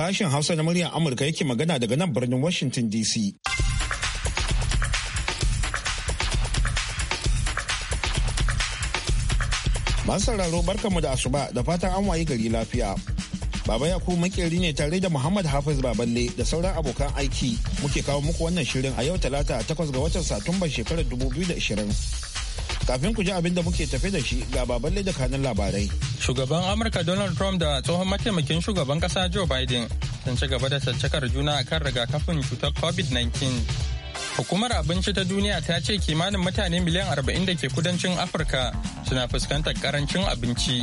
Sashen Hausa na muryar Amurka yake magana daga nan birnin Washington DC. Masu sauraro barkanmu da asuba da fatan an wayi gari lafiya. Baba Yakubu makeri ne tare da Muhammad Hafiz Baballe da sauran abokan aiki muke kawo muku wannan shirin a yau talata takwas ga watan Satumba shekarar 2020. kafin ku ji abin da muke tafe da shi ga baban da kanin labarai. Shugaban Amurka Donald Trump da tsohon mataimakin shugaban kasa Joe Biden sun ci gaba da caccakar juna akan rigakafin cutar COVID-19. Hukumar abinci ta duniya ta ce kimanin mutane miliyan arba'in da ke kudancin Afirka suna fuskantar karancin abinci.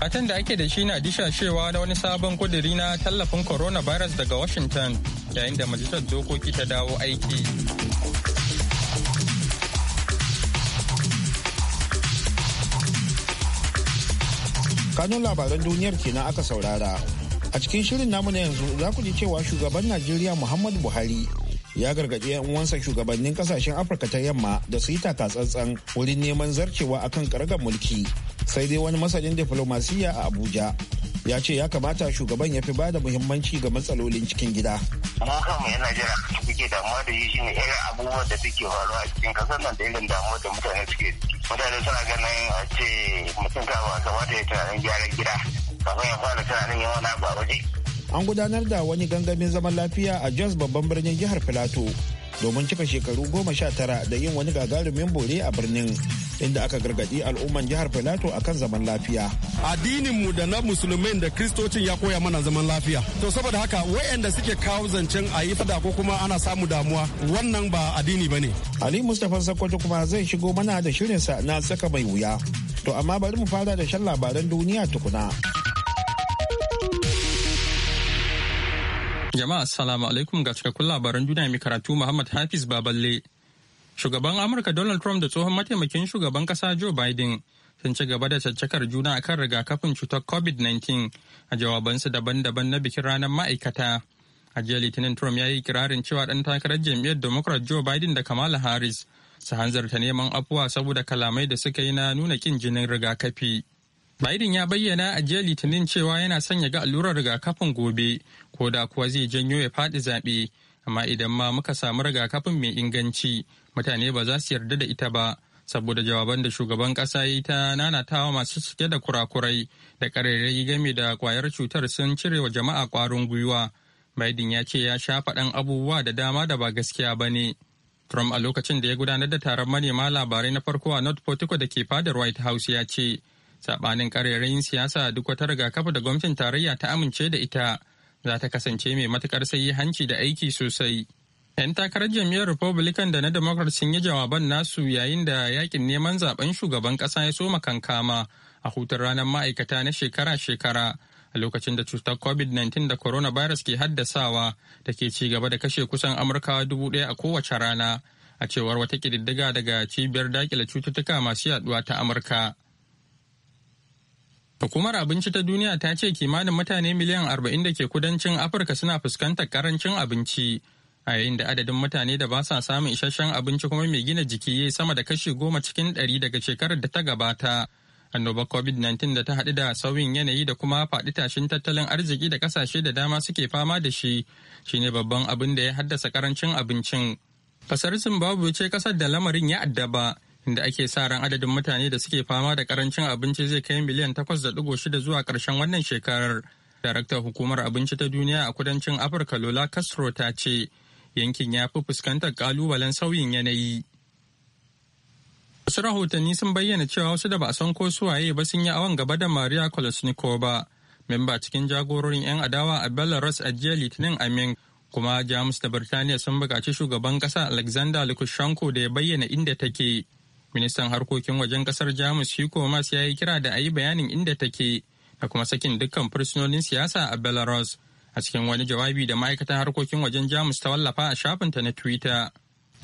Fatan da ake da shi na dishashewa na wani sabon kuduri na tallafin coronavirus daga Washington yayin da majalisar dokoki ta dawo aiki. kanun labaran duniyar kenan aka saurara a cikin shirin namu na yanzu za ku ji cewa shugaban najeriya muhammadu buhari ya gargaɗi 'yan uwansa shugabannin kasashen afirka ta yamma da su yi takatsantsan wurin neman zarcewa akan karagar mulki sai dai wani masanin diflomasiyya a abuja ya ce ya kamata shugaban ya fi ba da muhimmanci ga matsalolin cikin gida. Mun kanmu yan Najeriya suke damuwa da yi ne irin abubuwan da suke faruwa a cikin kasar nan da irin damuwa da mutane suke mutane suna ganin a ce mutum ka ba kamata ya tunanin gyaran gida kafin ya fara tunanin yawan na ba waje. An gudanar da wani gangamin zaman lafiya a Jos babban birnin jihar Filato domin cika shekaru goma sha tara da yin wani gagarumin bore a birnin inda aka gargadi al'umman jihar filato a kan zaman lafiya addinin mu da na musulmai da kristocin ya koya mana zaman lafiya to saboda haka wayanda suke kawo zancen a yi fada ko kuma ana samu damuwa wannan ba addini bane ali mustapha sakkwato kuma zai shigo mana da shirinsa na saka mai wuya to amma bari mu fara da shan labaran duniya tukuna Jama'a assalamu alaikum ga cikakkun labaran duniya mai karatu Muhammad Hafiz Baballe. Shugaban Amurka Donald Trump da tsohon mataimakin shugaban kasa Joe Biden sun ci gaba da caccakar juna a kan rigakafin cutar COVID-19 a jawabansu daban-daban na bikin ranar ma'aikata. A jiya Litinin Trump ya yi kirarin cewa ɗan takarar jam'iyyar Democrat Joe Biden da Kamala Harris su hanzarta neman afuwa saboda kalamai da suka yi na nuna kin jinin rigakafi. Biden ya bayyana a jiya Litinin cewa yana son ya ga allurar rigakafin gobe, ko da kuwa zai janyo ya faɗi zaɓe, amma idan ma muka samu rigakafin mai inganci, mutane ba za su yarda da ita ba, saboda jawaban da shugaban ƙasa yi ta nanatawa masu cike da kurakurai da ƙarairayi game da ƙwayar cutar sun cire wa jama'a ƙwarin gwiwa. Biden ya ce ya sha faɗan abubuwa da dama da ba gaskiya ba ne. Trump a lokacin da ya gudanar da taron manema labarai na farko a North Portico da ke fadar White House ya ce, sabanin karerayin siyasa duk wata rigakafi da gwamnatin tarayya ta amince da ita za ta kasance mai matukar sayi hanci da aiki sosai. 'Yan takarar jam'iyyar Republican da na Democrat sun yi jawaban nasu yayin da yakin neman zaben shugaban ƙasa ya soma kankama a hutun ranar ma'aikata na shekara-shekara a lokacin da cutar COVID-19 da coronavirus ke haddasawa da ke ci gaba da kashe kusan Amurkawa dubu ɗaya a kowace rana a cewar wata ƙididdiga daga cibiyar dakile cututtuka masu yaduwa ta Amurka. Hukumar Abinci ta Duniya ta ce kimanin mutane miliyan arba'in da ke kudancin Afirka suna fuskantar karancin abinci, a yayin da adadin mutane da ba sa samun isasshen abinci kuma mai gina jiki ya yi sama da kashi goma cikin ɗari daga shekarar da ta gabata. Annobar COVID-19 da ta haɗu da sauyin yanayi da kuma faɗi tashin tattalin arziki da ƙasashe da dama suke fama da shi, shine babban abin da ya haddasa karancin abincin. Kasar Zimbabwe ce kasar da lamarin ya addaba inda ake sa ran adadin mutane da suke fama da karancin abinci zai kai miliyan shida zuwa karshen wannan shekarar. Daraktar Hukumar Abinci ta Duniya a Kudancin Afirka Lola Castro ta ce, yankin ya fi fuskantar kalubalen sauyin yanayi. Wasu rahotanni sun bayyana cewa wasu da ba a san ko suwaye ba sun yi awon gaba da Maria ba. memba cikin jagororin 'yan adawa a Belarus a jiya Litinin Amin, kuma Jamus da Birtaniya sun bukaci shugaban ƙasa Alexander Lukashenko da ya bayyana inda take. ministan harkokin wajen kasar jamus hiko mas ya yi kira da a yi bayanin inda take da kuma sakin dukkan fursunonin siyasa a belarus a cikin wani jawabi da ma'aikatan harkokin wajen jamus ta wallafa a shafinta na twitter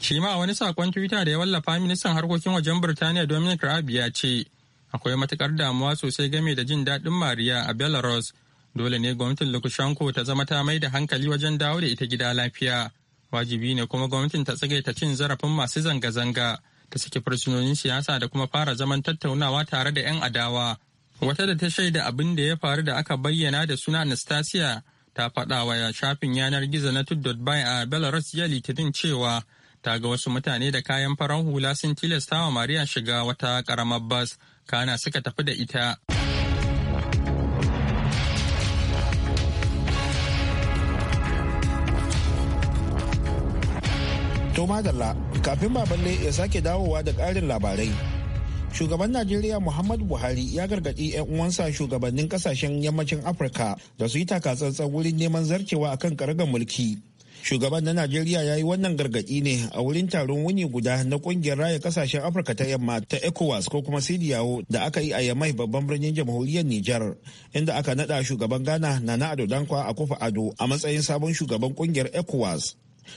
shi ma wani sakon twitter da ya wallafa ministan harkokin wajen birtaniya dominic raab ya ce akwai matukar damuwa sosai game da jin daɗin mariya a belarus dole ne gwamnatin lukashenko ta zama ta mai da hankali wajen dawo da ita gida lafiya wajibi ne kuma gwamnatin ta tsagaita cin zarafin masu zanga-zanga ta saki fursunonin siyasa da kuma fara zaman tattaunawa tare da 'yan adawa wata da ta shaida abin da ya faru da aka bayyana da suna anastasia ta faɗa wa shafin yanar gizo na bai a belarus ya litinin cewa ta ga wasu mutane da kayan farar hula sun tilasta wa mariya shiga wata karamar bas kana suka tafi da ita To madalla kafin baballe ya sake dawowa da karin labarai. Shugaban Najeriya Muhammadu Buhari ya gargaɗi 'yan uwansa shugabannin kasashen yammacin Afirka da su yi takatsantsan wurin neman zarcewa kan karagar mulki. Shugaban na Najeriya ya yi wannan gargaɗi ne a wurin taron wuni guda na ƙungiyar raya kasashen Afirka ta yamma ta ECOWAS ko kuma CDAO da aka yi a Yamai babban birnin jamhuriyar Nijar inda aka naɗa shugaban Ghana na Ado Dankwa a kofa Ado a matsayin sabon shugaban ƙungiyar ECOWAS.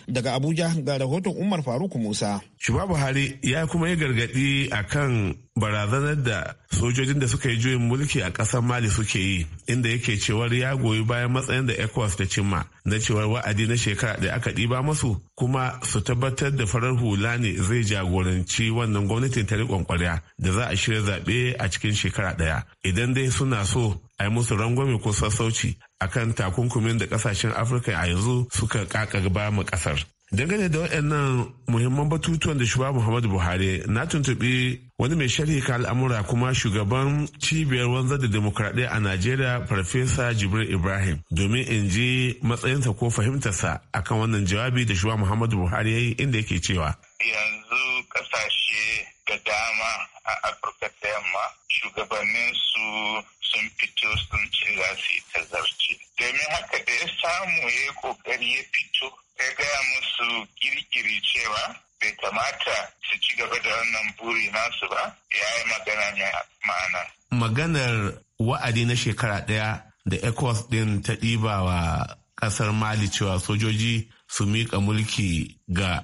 Daga Abuja ga rahoton Umar Faruk Musa. Shubabu Buhari ya kuma yi gargadi a kan barazanar da sojojin da suka yi juyin mulki a ƙasar mali suke yi inda yake cewar ya goyi bayan matsayin da ecowas da cimma na cewar wa'adi na shekara da aka ɗiba masu kuma su tabbatar da farar hula ne zai jagoranci wannan gwamnatin ta riƙon da za a shirya zaɓe a cikin shekara ɗaya idan dai suna so a yi musu rangwame ko sassauci akan takunkumin da ƙasashen afirka a yanzu suka ba mu ƙasar. dangane da waɗannan muhimman batutuwan da shugaba muhammadu buhari na tuntuɓi wani mai sharhi ka al'amura kuma shugaban cibiyar wanzar da demokradiyya a najeriya farfesa jibril ibrahim domin in ji matsayinsa ko fahimtarsa akan wannan jawabi da shugaba muhammadu buhari ya yi inda yake cewa yanzu ƙasashe da dama a afirka ta yamma shugabanninsu sun fito sun ci za su yi tazarci domin haka da ya samu ya yi kokari ya fito ya gaya musu kirkiri cewa bai kamata su ci gaba da wannan buri nasu ba ya yi magana ne ma'ana. Maganar wa'adi na shekara ɗaya da ECOWAS ɗin ta ɗiba wa ƙasar Mali cewa sojoji su miƙa mulki ga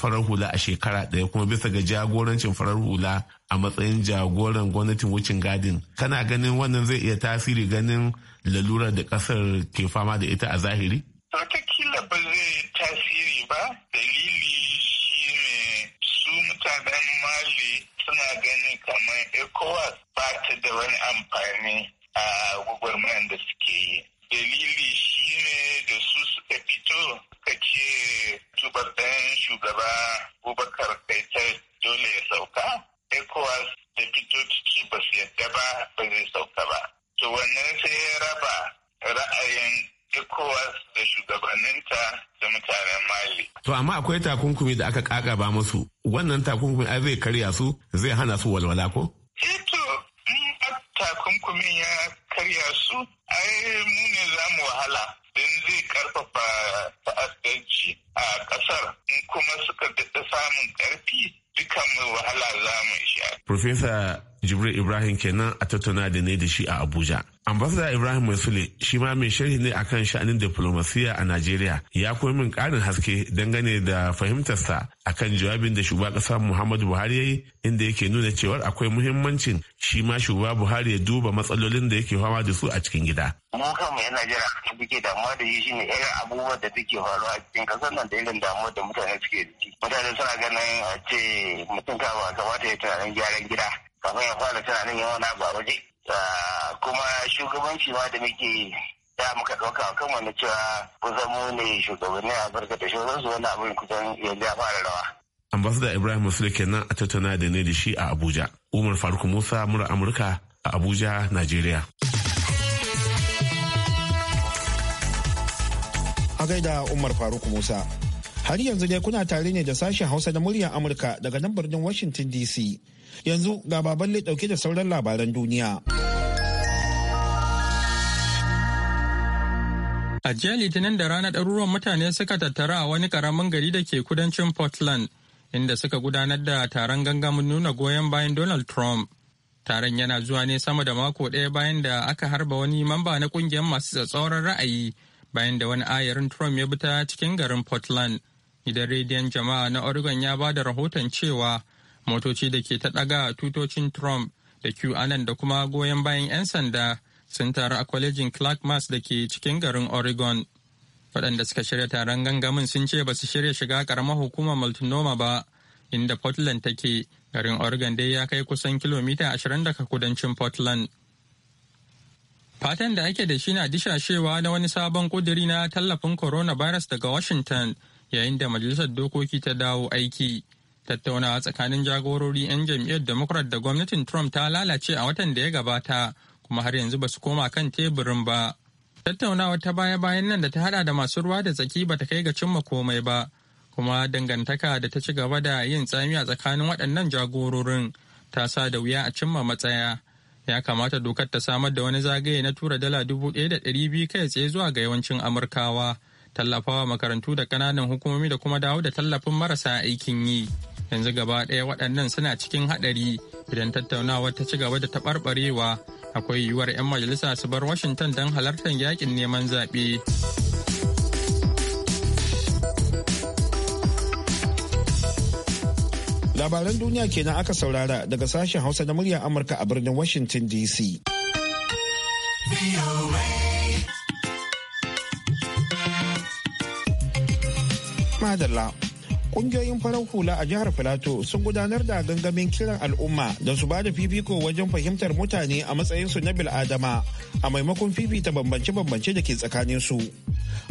farar hula a shekara ɗaya kuma bisa ga jagorancin farar hula a matsayin jagoran gwamnatin wucin gadin kana ganin wannan zai iya tasiri ganin lalurar da ƙasar ke fama da ita a zahiri? watakila ba zai tasiri ba dalili shi ne su mutanen mali suna ganin kamar ecowas ba ta da wani amfani a gwagwarmayan da suke yi dalili shi ne da su suka fito suka ce tubar ɗan shugaba akwai takunkumi da aka ba musu wannan takunkumi ai zai karya su zai hana su walwala ko eh to in takunkumin ya karya su ai mu ne za wahala don zai karfafa ta'addanci a kasar in kuma suka daɗa samun karfi dukan mu wahala za mu sha. Profesa Jibril Ibrahim kenan a tattauna da ne da shi a Abuja. Ambassador Ibrahim musuli shi ma mai sharhi ne akan sha'anin diplomasiya a Najeriya ya koyi min karin haske dangane da fahimtarsa akan jawabin da shugaban kasa Muhammadu Buhari ya yi inda yake nuna cewar akwai muhimmancin shi ma shugaba Buhari ya duba matsalolin da yake fama da su a cikin gida. Mu kanmu yan Najeriya kan muke damuwa da shi ne irin abubuwan da suke faruwa a cikin kasar nan da irin damuwa da mutane suke shi Mutane suna ganin a ce mutum ba kamata ya tunanin gyaran gida kafin ya fara tunanin yawan abu a waje. kuma shugabanci ma da muke da muka ɗauka kan wani cewa ku zamo ne shugabanni a barka da su wani abin kusan yanzu ya fara rawa. ambassador ibrahim musul kenan a tattauna da ne da shi a abuja umar faruk musa mura amurka a abuja Najeriya. a gaida umar faruk musa har yanzu dai kuna tare ne da sashen hausa na muryar amurka daga nan birnin washington dc Yanzu ga baballe dauke da sauran labaran duniya. A jiya Litinin da rana ɗaruruwan mutane suka tattara a wani ƙaramin gari da ke kudancin Portland, inda suka gudanar da taron gangamin nuna goyon bayan Donald Trump. Taron yana zuwa ne sama da mako ɗaya bayan da aka harba wani mamba na ƙungiyar masu tsatsauran ra'ayi bayan da wani ayarin Trump ya bi ta cikin garin Portland. Idan rediyon jama'a na Oregon ya ba da rahoton cewa motoci da ke ta ɗaga tutocin trump da qanon da kuma goyon bayan 'yan sanda sun taru a kwalejin clark mass da ke cikin garin oregon waɗanda suka shirya taron gangamin sun ce ba su shirya shiga ƙaramar hukumar multnomah ba inda portland take garin oregon dai ya kai kusan kilomita 20 daga kudancin portland fatan da ake da shi na dishashewa na wani sabon kudiri na tallafin coronavirus daga washington yayin da majalisar dokoki ta dawo aiki tattaunawa tsakanin jagorori 'yan jam'iyyar democrat da gwamnatin trump ta lalace a watan da ya gabata kuma har yanzu ba su koma kan teburin ba tattaunawa ta baya-bayan nan da ta hada da masu ruwa da tsaki ba ta kai ga cimma komai ba kuma dangantaka da ta ci gaba da yin tsami a tsakanin waɗannan jagororin ta sa da wuya a cimma matsaya ya kamata dokar ta samar da wani zagaye na tura dala dubu ɗaya da ɗari biyu kai tsaye zuwa ga yawancin amurkawa tallafawa makarantu da ƙananan hukumomi da kuma dawo da tallafin marasa aikin yi. yanzu gaba ɗaya waɗannan suna cikin haɗari idan tattaunawa ta ci gaba da taɓarɓarewa akwai yiwuwar 'yan majalisa su bar washington don halartar yakin neman zaɓe. labaran duniya kenan aka saurara daga sashen hausa na muryar amurka a birnin washington dc madalla kungiyoyin farar hula a jihar filato sun gudanar da gangamin kiran al'umma da su ba da fifiko wajen fahimtar mutane a matsayinsu na bil'adama a maimakon fifita bambance-bambance da ke tsakanin su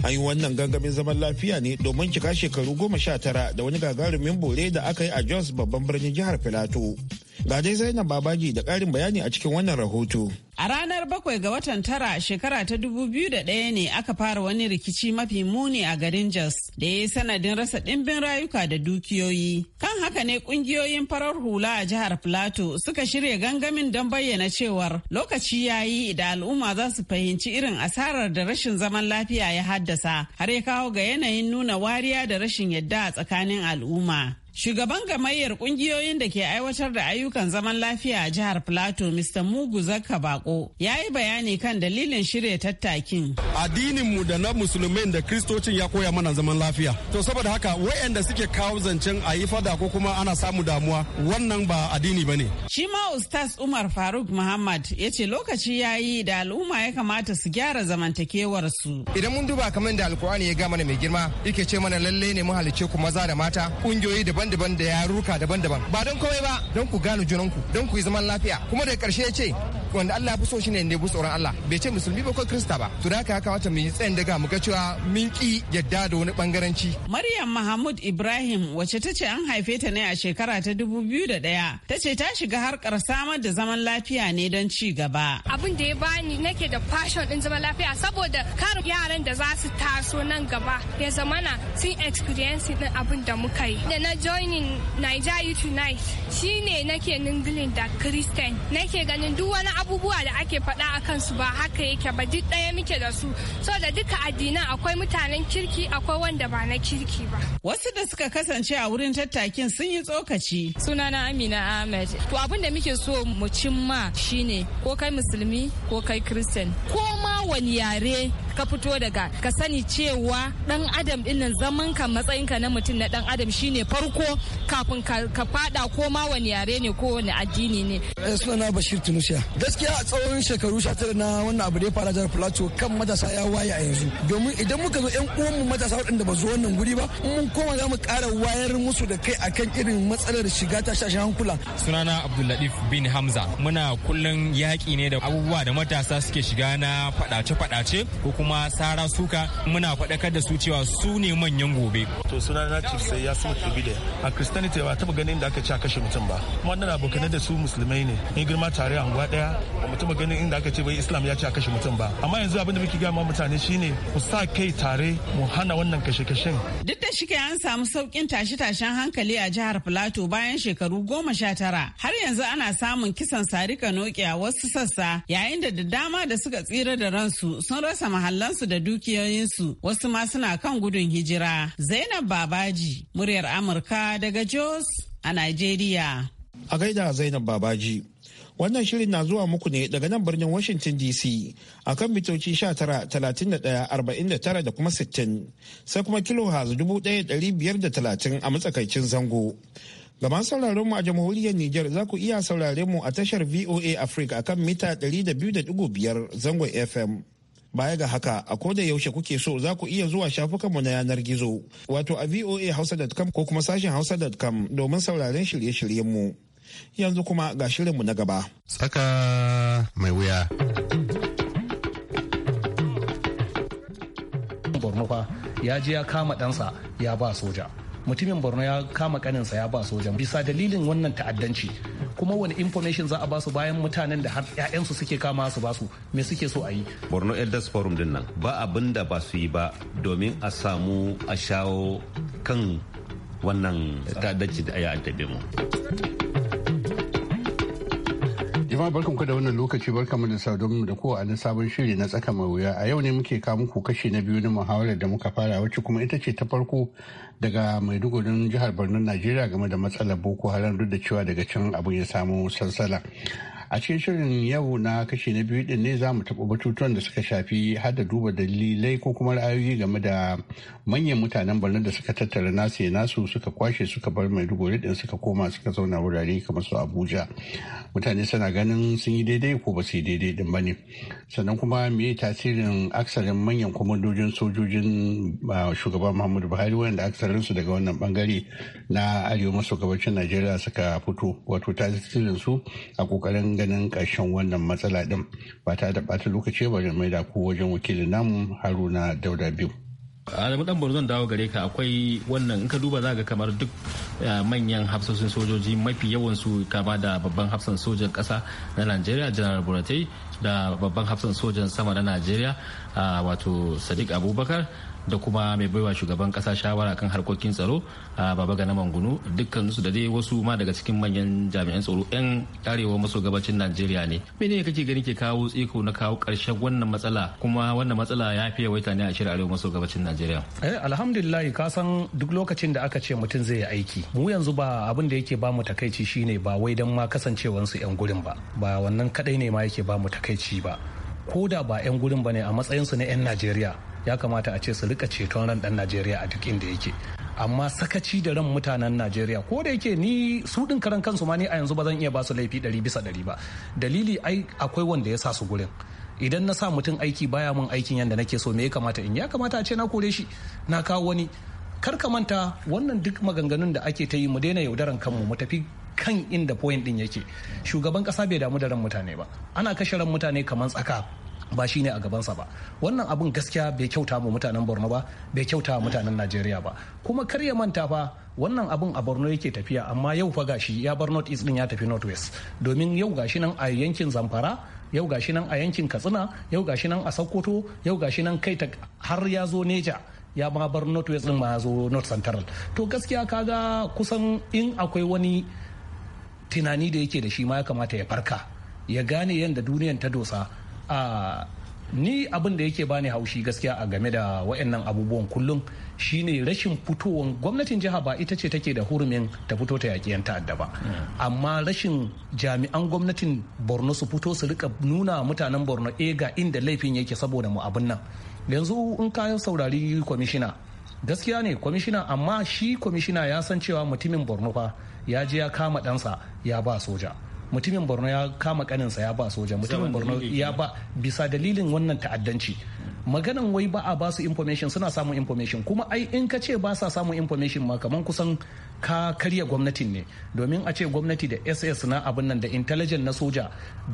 an yi wannan gangamin zaman lafiya ne domin cika shekaru goma sha tara da wani gagarumin bore da aka yi a jos babban birnin jihar filato Ga dai Zainab Babaji da karin bayani a cikin wannan rahoto. A ranar bakwai ga watan tara shekara ta dubu biyu da ɗaya ne aka fara wani rikici mafi muni a garin Jos da ya yi sanadin rasa ɗimbin rayuka da dukiyoyi. Kan haka ne ƙungiyoyin farar hula a jihar Plateau suka shirya gangamin don bayyana cewar lokaci ya yi da al'umma za su fahimci irin asarar da rashin zaman lafiya ya haddasa har ya kawo ga yanayin nuna wariya da rashin yadda a tsakanin al'umma. Shugaban gamayyar kungiyoyin da ke aiwatar da ayyukan zaman lafiya a jihar Plateau, Mr. Mugu Zakka Bako, ya yi bayani kan dalilin shirya tattakin. Addininmu da na musulmai da kristocin ya koya mana zaman lafiya. To saboda haka wayanda suke kawo zancen a yi fada ko kuma ana samu damuwa wannan ba addini ba ne. Shi ma Ustaz Umar Faruk Muhammad ya ce lokaci ya yi da al'umma ya kamata su gyara zamantakewarsu. Idan mun duba kamar da Alkur'ani ya ga mana mai girma, yake ce mana lallai ne mu halicce ku maza da mata, kungiyoyi da daban-daban da yaruka daban-daban ba don komai ba don ku gane junanku don ku yi zaman lafiya kuma daga karshe ya ce wanda Allah fi so shine ne bu tsoron Allah bai ce musulmi ba ko krista ba to da haka kamata mu yi tsayin daga mu ga cewa mun ki yadda da wani bangaranci Maryam Mahmud Ibrahim wace ta ce an haife ta ne a shekara ta 2001 ta ce ta shiga harkar samar da zaman lafiya ne don ci gaba abin da ya bani nake da passion din zaman lafiya saboda kar yaran da za su taso nan gaba ya zamana sun experience din abin da muka yi da na joining Nigeria Unite shine nake ningilin da Christian nake ganin duk wani abubuwa da ake faɗa a kansu ba haka yake ba duk ɗaya muke da su so da duka addinan akwai mutanen kirki akwai wanda ba na kirki ba wasu da suka kasance a wurin tattakin sun yi tsokaci sunana amina ahmed to abin da muke so mu cimma shine ko kai musulmi ko kai kristen ko ma wani yare ka fito daga ka sani cewa dan adam dinnan zaman ka matsayin ka na mutum na dan adam shine farko kafin ka fada ko ma wani yare ne ko wani addini ne eh, sunana bashir tunusia gaskiya a tsawon shekaru 19 na wannan abu da ya fara jar plateau kan matasa ya waya a yanzu domin idan muka zo yan mu matasa waɗanda ba zo wannan guri ba mun koma za mu ƙara wayar musu da kai akan irin matsalar shiga ta tashashen hankula sunana abdullatif bin hamza muna kullun yaƙi ne da abubuwa da matasa suke shiga na faɗace-faɗace ko kuma sara suka muna faɗakar da su cewa su ne manyan gobe. to suna na chief sai ya suma kibide a christianity ba taɓa ganin da aka ce kashe mutum ba kuma wannan abokanai da su musulmai ne ni girma tare a unguwa ɗaya ba mu ganin inda aka ce bai islam ya ce kashe mutum ba amma yanzu abin da muke gama mutane shine ku sa kai tare mu hana wannan kashe-kashen. duk da shike an samu saukin tashe-tashen hankali a jihar plateau bayan shekaru goma sha tara har yanzu ana samun kisan sarika noki wasu sassa yayin da da dama da suka tsira da ransu sun rasa mahal muhallansu da dukiyoyinsu wasu ma suna kan gudun hijira. Zainab Babaji, muryar Amurka daga Jos a Najeriya. A gaida Zainab Babaji. Wannan shirin na zuwa muku ne daga nan birnin Washington DC a kan mitoci 19,31,49 da kuma 60 sai kuma kilo da talatin a matsakaicin zango. Gama sauraron mu a jamhuriyar Nijar za ku iya saurare mu a tashar VOA Africa akan mita 200.5 zangon FM. Baya ga haka a koda yaushe kuke so za ku iya zuwa shafukanmu na yanar gizo wato a voahausa.com ko kuma sashen hausa.com domin sauraren shirye-shiryenmu. Yanzu kuma ga shirinmu na gaba. Tsaka mai wuya. ya je ya kama ɗansa ya ba soja. mutumin borno ya kama kaninsa ya ba wajen bisa dalilin wannan ta'addanci kuma wani information za a basu bayan mutanen da har 'ya'yansu suke kama su basu me suke so a yi borno elders forum din nan ba abin da ba su yi ba domin a samu a shawo kan wannan ta'addanci da ya addabe mu Jama'a barkanku da wannan lokaci barkanmu da saduwa da kowa a sabon shiri na tsaka mai wuya a yau ne muke kawo muku kashi na biyu na muhawarar da muka fara wacce kuma ita ce ta farko daga Maidugurin jihar Borno Najeriya game da matsalar Boko Haram duk da cewa daga can abin ya samu sansala. a cikin shirin yau na kashi na biyu din ne za mu taɓa batutuwan da suka shafi har da duba dalilai ko kuma ra'ayoyi game da manyan mutanen birnin da suka tattara nasu ya nasu suka kwashe suka bar mai maiduguri din suka koma suka zauna wurare kamar su abuja mutane suna ganin sun yi daidai ko ba su yi daidai din ba ne sannan kuma me tasirin aksarin manyan kwamandojin sojojin shugaban muhammadu buhari wanda su daga wannan bangare na arewa maso gabashin najeriya suka fito wato tasirin su a kokarin ganin ƙarshen wannan matsala ɗin ba ta da ɓata lokaci ba mai da ku wajen wakilin namu haruna dauda biyu adamu dan zan dawo gare ka akwai wannan in ka duba za ga kamar duk eh, manyan hafsoshin sojoji mafi yawan su kama da babban hafsan sojan kasa na najeriya janar buratai da babban hafsan sojan sama na najeriya ah, wato sadiq abubakar da kuma mai baiwa shugaban kasa shawara kan harkokin tsaro a baba gana mangunu dukkan da dai wasu ma daga cikin manyan jami'an tsaro yan arewa maso gabacin najeriya ne mene kake gani ke kawo tsiko na kawo karshen wannan matsala kuma wannan matsala ya fi yawaita ne a shirin arewa maso gabacin najeriya eh alhamdulillah ka san duk lokacin da aka ce mutum zai yi aiki mu yanzu ba abin da yake ba mu takaici shine ba wai dan ma kasancewansu yan gurin ba ba wannan kadai ne ma yake ba mu takaici ba ko da ba 'yan gurin ba ne a su na 'yan najeriya ya kamata a ce su rika ceton ran dan najeriya a duk inda yake amma sakaci da ran mutanen najeriya ko da yake ni su din karan kansu ma ni a yanzu ba zan iya ba su laifi ɗari bisa ɗari ba dalili ai akwai wanda ya sa su gurin idan na sa mutum aiki baya mun aikin yadda nake so me ya kamata in ya kamata a ce na kore shi na kawo wani kar ka manta wannan duk maganganun da ake ta yi mu daina yaudaran kanmu mu tafi kan inda point din yake shugaban kasa bai damu da ran mutane ba ana kashe ran mutane kamar tsaka ba shi ne a gabansa ba wannan abin gaskiya bai kyauta mu mutanen borno ba bai kyauta mutanen najeriya ba kuma kar ya manta fa wannan abin a borno yake tafiya amma yau fa gashi ya bar north east din ya tafi north west domin yau gashi nan a yankin zamfara yau gashi nan a yankin katsina yau gashi nan a sokoto yau gashi nan kai ta har ya zo neja ya ma bar north west din ma ya zo north central to gaskiya kaga kusan in akwai wani tunani da yake da shi ma ya kamata ya farka ya gane yadda duniyan ta dosa a ni abin da yake bani haushi gaskiya a game da waɗannan abubuwan kullum shine rashin fitowar gwamnatin jiha ba ita ce take da hurumin ta fito ta yaƙi 'yan ta'adda ba amma rashin jami'an gwamnatin borno su fito su rika nuna mutanen borno e ga inda laifin yake saboda mu abin nan yanzu in kayan saurari kwamishina gaskiya ne kwamishina amma shi kwamishina ya san cewa mutumin borno fa ya je ya kama ɗansa ya ba soja mutumin borno ya kama kaninsa ya ba soja mutumin borno ya ba bisa dalilin wannan ta'addanci maganan wai ba a ba su information suna samun information kuma ai in ka ce ba sa samun information ma kaman kusan ka karya gwamnatin ne domin a ce gwamnati da ss na abin nan da intelligence na soja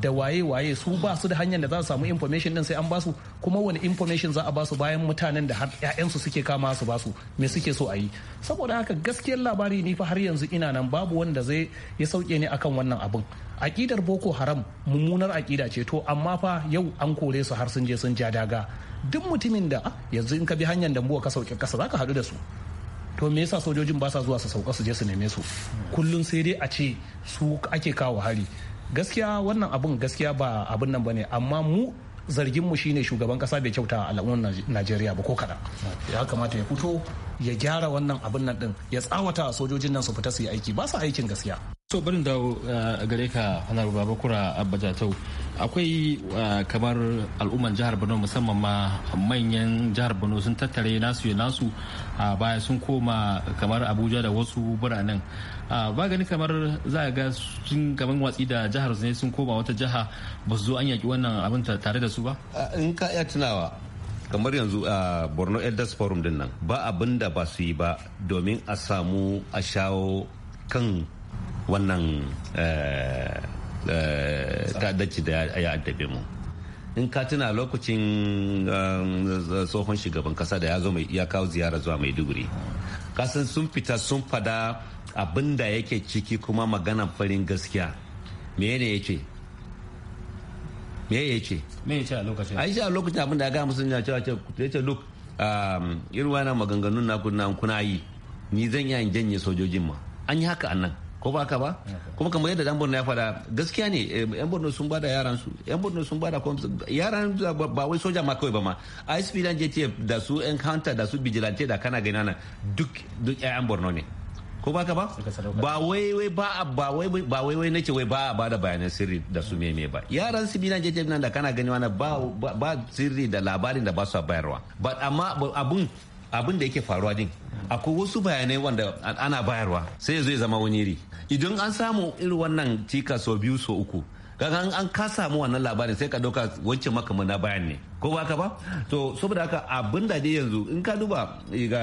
da waye-waye su ba su da hanyar da za su samu information din sai an basu kuma wani information za a basu bayan mutanen da har ƴaƴansu suke kama su basu me suke so a yi saboda haka gaskiyar labari ni fa har yanzu ina nan babu wanda zai ya sauke ni akan wannan abin aƙidar boko haram mummunar akida ce to amma fa yau an kore su har sun je sun ja daga duk mutumin da ah, yanzu in ka bi hanyar buwa ka sauke kasa zaka haɗu da su to me yasa sojojin ba sa zuwa su sauka su je su neme su kullum sai dai a ce su ake kawo hari gaskiya wannan abun gaskiya ba abun nan bane amma mu zargin mu shine shugaban kasa bai kyauta a al'ummar Najeriya ba ko kada ya kamata ya fito ya gyara wannan abun nan din ya tsawata sojojin nan su fita su yi aiki ba su aikin gaskiya so barin da eh, gare ka bakura babakura abbajatau akwai eh, kamar al'umman jihar borno musamman ma manyan jihar borno sun tattare nasu ya nasu a baya sun koma kamar abuja da wasu biranen ba gani kamar za ga sun gaban watsi da jihar ne sun koma wata jiha ba su zo an yaki wannan abin tare da su ba in ka iya tunawa kamar yanzu a borno elders forum din nan ba abin da ba su yi ba domin a samu a shawo kan wannan eh, eh, ta'addanci da ya addabe mu in ka tuna lokacin eh, tsohon shugaban kasa da ya zo mai ya kawo ziyara zuwa maiduguri kasan sun fita sun fada abin da yake ciki kuma magana farin gaskiya Me ya ce me ya ce me ya ce a lokacin a ce a lokacin abin da ya gaya musu ya ce ya ce look um, irin wannan maganganun na kuna yi ni zan iya janye sojojin ma an yi haka a nan ko ba ka ba kuma kamar yadda dan borno ya faɗa gaskiya ne yan eh, borno sun bada yaran su yan borno sun bada yaran ba wai soja ma kawai ba ma ISP dan JTF da su encounter da su vigilante da kana gani nan duk duk yayan borno ne ko ba ka ba ba wai wai ba ba wai ba wai wai nake wai ba a bada bayanan sirri da su meme ba yaran su bina JTF nan da kana gani wannan ba ba sirri da labarin da ba su bayarwa ba amma abun abin da yake faruwa din akwai wasu bayanai wanda ana bayarwa sai zai zama wani iri idan an samu irin wannan cika so biyu so uku kaga an ka samu wannan labarin sai ka dauka wancan maka na bayan ne ko ba ka ba to saboda haka abin da dai yanzu in ka duba eh, ga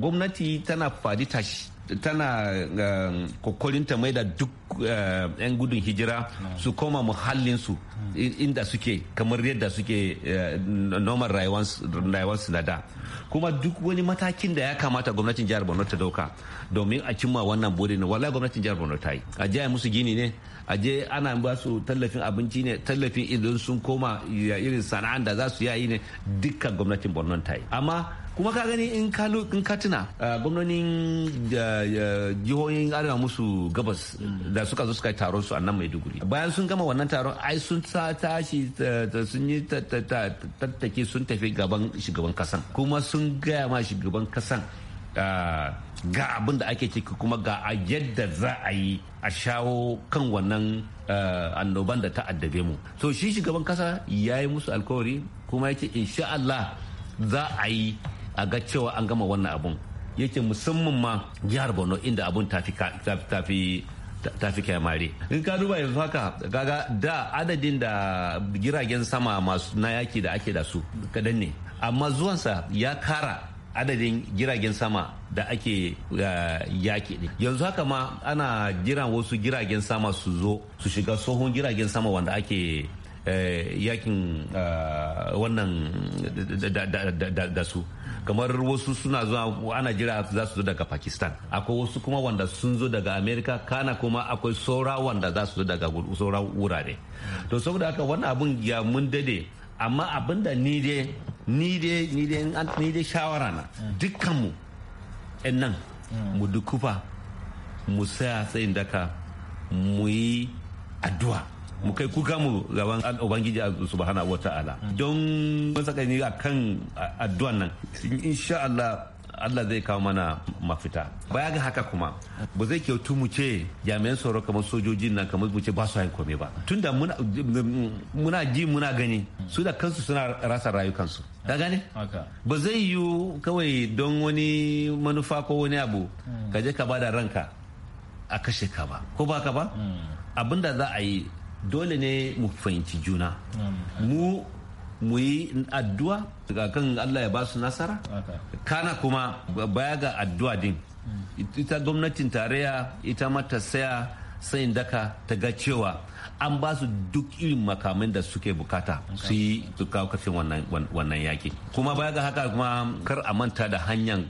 gwamnati tana fadi tashi tana eh, kokarin ta da duk eh, 'yan gudun hijira su koma muhallinsu inda suke kamar yadda suke eh, normal rayuwarsu na da kuma duk wani matakin da ya kamata gwamnatin jihar borno ta dauka domin a cimma wannan burin wallahi gwamnatin jihar borno ta yi a jiya musu gini ne a je ana ba su tallafin abinci ne tallafin idan sun koma irin sana'an da za su yayi ne dukkan gwamnatin borno ta yi amma kuma ka gani in ka in ka tuna uh, gwamnonin jihohin arewa musu gabas da suka zo suka taron su a nan maiduguri bayan sun gama wannan taron ai sun tashi sun yi tattake sun tafi gaban shugaban kasan kuma sun gaya ma shugaban kasan uh, ga abin da ake ciki kuma ga a yadda za a yi a shawo kan wannan uh, annoban da ta addabe mu to shi shugaban kasa ya yi musu alkawari kuma ya ce insha Allah za a yi a ga cewa an gama wannan abun yake musamman ma jihar borno inda abun tafi kai kyamare in ka duba yanzu haka gaga da adadin da giragen sama masu na yaki da ake da su kadan ne amma zuwansa ya kara adadin jiragen sama da ake eh, yaki ne yanzu haka ma ana jiran wasu jiragen sama su zo su shiga tsohon jiragen sama wanda ake eh, yakin eh, wannan da su kamar wasu suna zuwa ana jira za su zo daga pakistan akwai wasu kuma wanda sun zo daga america kana kuma akwai saura wanda za su zo daga saura wurare to saboda haka wannan abun ya mun dade amma abin da ni dai ni dai ni dai shawara na dukkanmu yan nan mu dukufa mu saya tsayin daka mu yi addu'a mu kai kuka mu gaban ubangiji subhanahu wataala don matsakani a kan addu'an nan insha Allah Allah zai kawo mana mafita baya ga haka kuma ba zai kyautu mu ce jami'an tsaro kamar sojojin nan kamar mu ce ba su kome ba tunda muna, muna ji muna gani su da kansu suna rasa rayukansu ka gane ba zai yiwu kawai don wani manufa ko wani abu hmm. ka je ka ba da ranka a kashe ka ba ko ba ka ba hmm. abinda za a yi dole ne mu fahimci juna mu mu yi addu'a kan Allah ya ba su nasara kana kuma baya ga addu'a din ita gwamnatin tarayya ita mata saya sayin daka ta ga cewa an ba su duk irin makamai da suke bukata su yi kawo kafin wannan yaƙi kuma baya ga haka kuma kar a manta da hanyar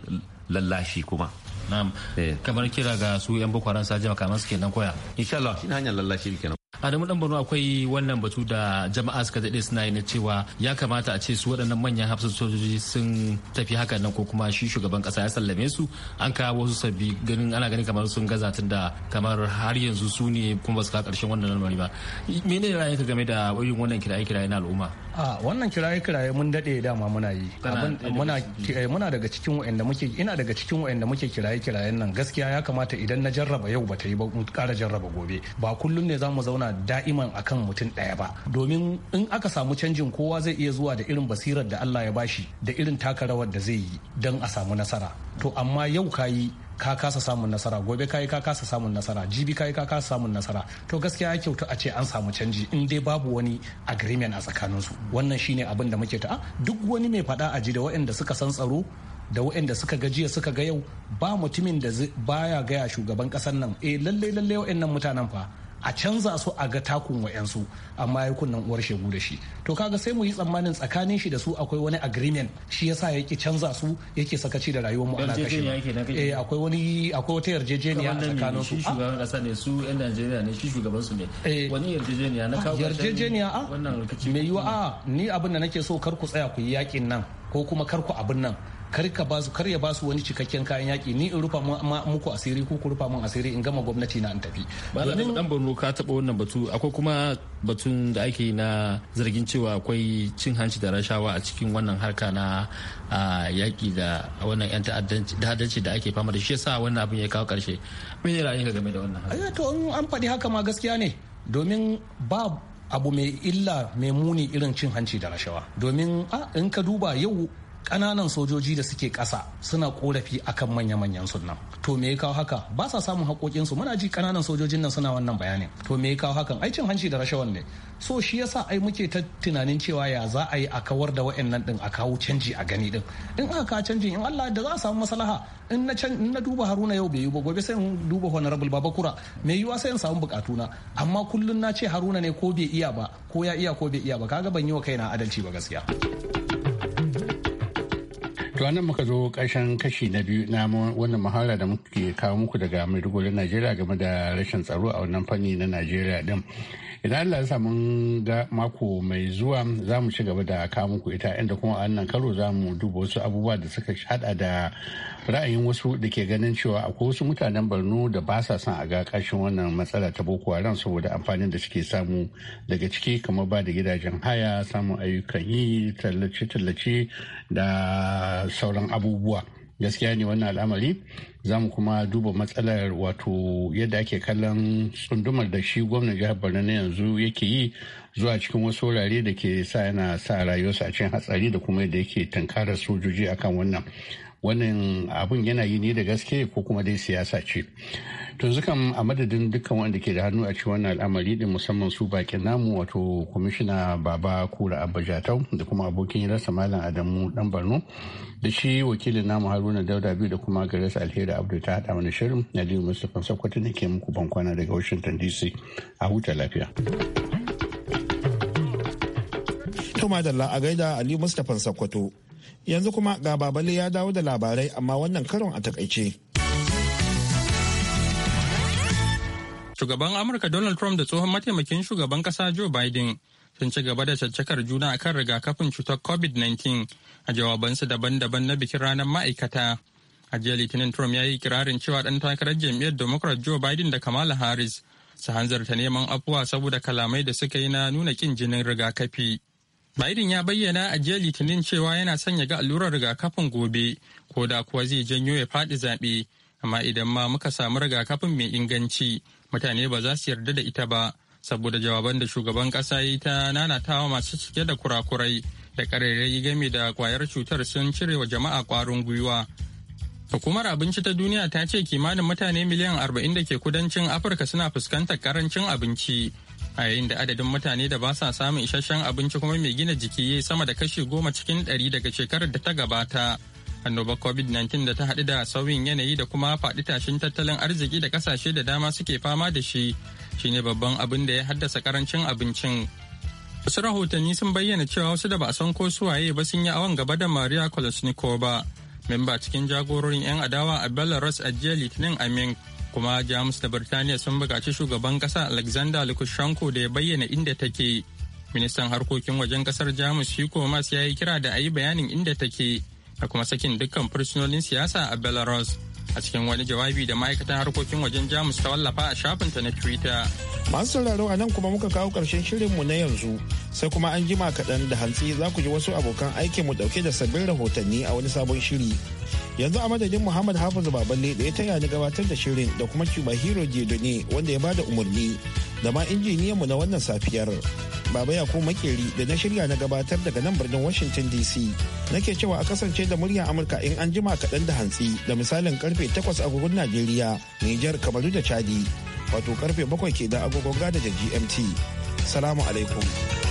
lallashi kuma na'am eh. kamar kira ga su yan bukwaran haram saje makaman su kenan koya Inshallah shi hanyar lallashi ke Adamu dan Borno akwai wannan batu da jama'a suka dade suna yi na cewa ya kamata a ce su waɗannan manyan hafsan sojoji sun tafi haka nan ko kuma shi shugaban ƙasa ya sallame su an kawo wasu sabbi ganin ana gani kamar sun gaza tun da kamar har yanzu su ne kuma ba su ka ƙarshen wannan lamari ba. Menene ra'ayinka game da irin wannan kiraye-kiraye na al'umma? a wannan kiraye kiraye mun dade dama muna yi eh, muna daga cikin wa'anda muke ina daga cikin wa'anda muke kiraye kirayen nan gaskiya ya kamata idan na jarraba yau bata yi ba kara jarraba gobe ba kullum ne za mu zauna da'iman akan mutum daya ba domin in aka samu canjin kowa zai iya zuwa da irin basirar da Allah ya bashi da irin taka rawar da zai yi don a samu nasara to amma yau kayi ka kasa samun nasara gobe kayi ka kasa samun nasara jibi kayi ka kasa samun nasara to gaskiya ya kyautu a ce an samu canji in dai babu wani agreement a su wannan shine abin da muke ta ah, duk wani mai faɗa a ji da waɗanda suka san tsaro da waɗanda suka ga jiya suka ga yau ba mutumin da baya gaya shugaban ƙasar nan eh lalle lalle waɗannan mutanen fa a canza su a ga takun wa'yansu amma ya kunnan uwar shegu da shi to kaga sai mu yi tsammanin tsakanin shi da su akwai wani agreement shi yasa yake canza su yake sakaci da rayuwar mu kashe eh akwai wani akwai wata yarjejeniya a tsakanin su shugaban kasa ne su yan Najeriya ne shi shugaban su ne eh. wani yarjejeniya na kawo yarjejeniya a ah. wannan rikici me yiwa a ah, ni abin da nake so kar ku tsaya ku yi yakin nan ko kuma kar ku abin nan kar ka basu kar ya basu wani cikakken kayan yaki ni in rufa muku asiri ku ku rufa mun asiri in gama gwamnati na in tafi malamin dan Borno ka taba wannan batu akwai kuma batun da ake na zargin cewa akwai cin hanci da rashawa a cikin wannan harka na yaki da wannan yan ta'addanci da ake fama da shi yasa wannan abin ya kawo karshe me ne ra'ayinka game da wannan harka to an faɗi haka ma gaskiya ne domin ba abu mai illa mai muni irin cin hanci da rashawa domin in ka duba yau kananan sojoji da suke ƙasa suna korafi akan manya-manyan sunan to me ya kawo haka ba sa samun haƙoƙinsu muna ji kananan sojojin nan suna wannan bayanin to me ya kawo hakan aicin hanci da rashawan ne so shi yasa ai muke ta tunanin cewa ya za a yi a kawar da wa'annan din a kawo canji a gani din in aka kawo canji in Allah da za a samu maslaha in na duba Haruna yau bai yi ba gobe sai in duba honorable Babakura me yiwa sai in samu na? amma kullum na ce Haruna ne ko bai iya ba ko ya iya ko bai iya ba kaga ban yi wa kaina adalci ba gaskiya nan muka zo ƙarshen kashi na biyu na wannan muhawara da muke kawo muku daga maiduguri najeriya game da rashin tsaro a wannan fanni na najeriya din idan allah ya mun ga mako mai zuwa za mu ci gaba da kawo muku ita inda kuma a wannan karo za mu duba wasu abubuwa da suka hada da ra'ayin wasu da ke ganin cewa akwai wasu mutanen barno da ba sa son a ga ƙarshen wannan matsala ta boko haram saboda amfanin da suke samu daga ciki kamar ba da gidajen haya samun ayyukan yi tallace-tallace da sauran abubuwa gaskiya ne wannan al'amari za mu kuma duba matsalar wato yadda ake kallon tsundumar da shi gwamnan jihar borno na yanzu yake yi zuwa cikin wasu wurare da ke sa yana sa rayuwarsu a cikin hatsari da kuma yadda yake tankarar sojoji akan wannan wannan abun yana yi ne da gaske ko kuma dai siyasa ce to zukan a madadin dukkan wanda ke da hannu a cikin wannan al'amari din musamman su bakin namu wato kwamishina baba kura abajatau da kuma abokin rasa malam adamu dan barno da shi wakilin namu haruna dauda biyu da kuma garis alheri abdu ta hada wani shirin Ali mustapha Sokoto ne ke muku bankwana daga washington dc a huta lafiya to madalla a gaida ali mustapha Sokoto. Yanzu kuma ga babale ya dawo da labarai amma wannan karon a takaice. Shugaban Amurka Donald Trump da tsohon mataimakin shugaban kasa Joe Biden sun ci gaba da caccakar juna akan rigakafin cutar COVID-19 a jawabansu daban-daban na bikin ranar ma'aikata. A jiya Litinin Trump ya yi kirarin cewa ɗan takarar jam'iyyar Democrat Joe Biden da Kamala Harris su hanzarta neman afuwa saboda kalamai da suka yi na nuna kin jinin rigakafi. Biden ya bayyana a jiya Litinin cewa yana son ya ga allurar rigakafin gobe, ko da kuwa zai janyo ya faɗi zaɓe, amma idan ma muka samu rigakafin mai inganci, mutane ba za su yarda da ita ba, saboda jawaban da shugaban ƙasa ya ta nanatawa masu cike da kurakurai da ƙarairayi game da kwayar cutar sun cire wa jama'a ƙwarin gwiwa. Hukumar Abinci ta Duniya ta ce kimanin mutane miliyan arba'in da ke kudancin Afirka suna fuskantar karancin abinci. a yayin da adadin mutane da ba sa samun isasshen abinci kuma mai gina jiki ya sama da kashi goma cikin ɗari daga shekarar da ta gabata annobar covid-19 da ta haɗu da sauyin yanayi da kuma faɗi tashin tattalin arziki da ƙasashe da dama suke fama da shi shine babban abin da ya haddasa karancin abincin wasu rahotanni sun bayyana cewa wasu da ba a san ko suwaye ba sun yi awon gaba da maria kolesnikova memba cikin jagororin 'yan adawa a belarus a jiya litinin a kuma jamus da birtaniya sun bukaci shugaban kasa alexander lukashenko da ya bayyana inda take ministan harkokin wajen kasar jamus hiko mas ya yi kira da a yi bayanin inda take da kuma sakin dukkan fursunonin siyasa a belarus a cikin wani jawabi da ma'aikatan harkokin wajen jamus ta wallafa a shafinta na twitter masu sauraro a nan kuma muka kawo ƙarshen shirinmu na yanzu sai kuma an jima kaɗan da hantsi za ku ji wasu abokan aikin mu ɗauke da sabbin rahotanni a wani sabon shiri yanzu a madadin muhammad hafiz baballe da ya taya ni gabatar da shirin da kuma cuba hero ne wanda ya bada umarni da ma injiniyan mu na wannan safiyar Baba Yakubu Makeri da na shirya na gabatar daga nan birnin Washington DC. Nake cewa a kasance da muryar Amurka in an jima kaɗan da hantsi da misalin karfe 8 agogon Najeriya, Nijar, Kamaru da Chadi. Wato karfe 7 ke da agogon gada da GMT. Salamu alaikum.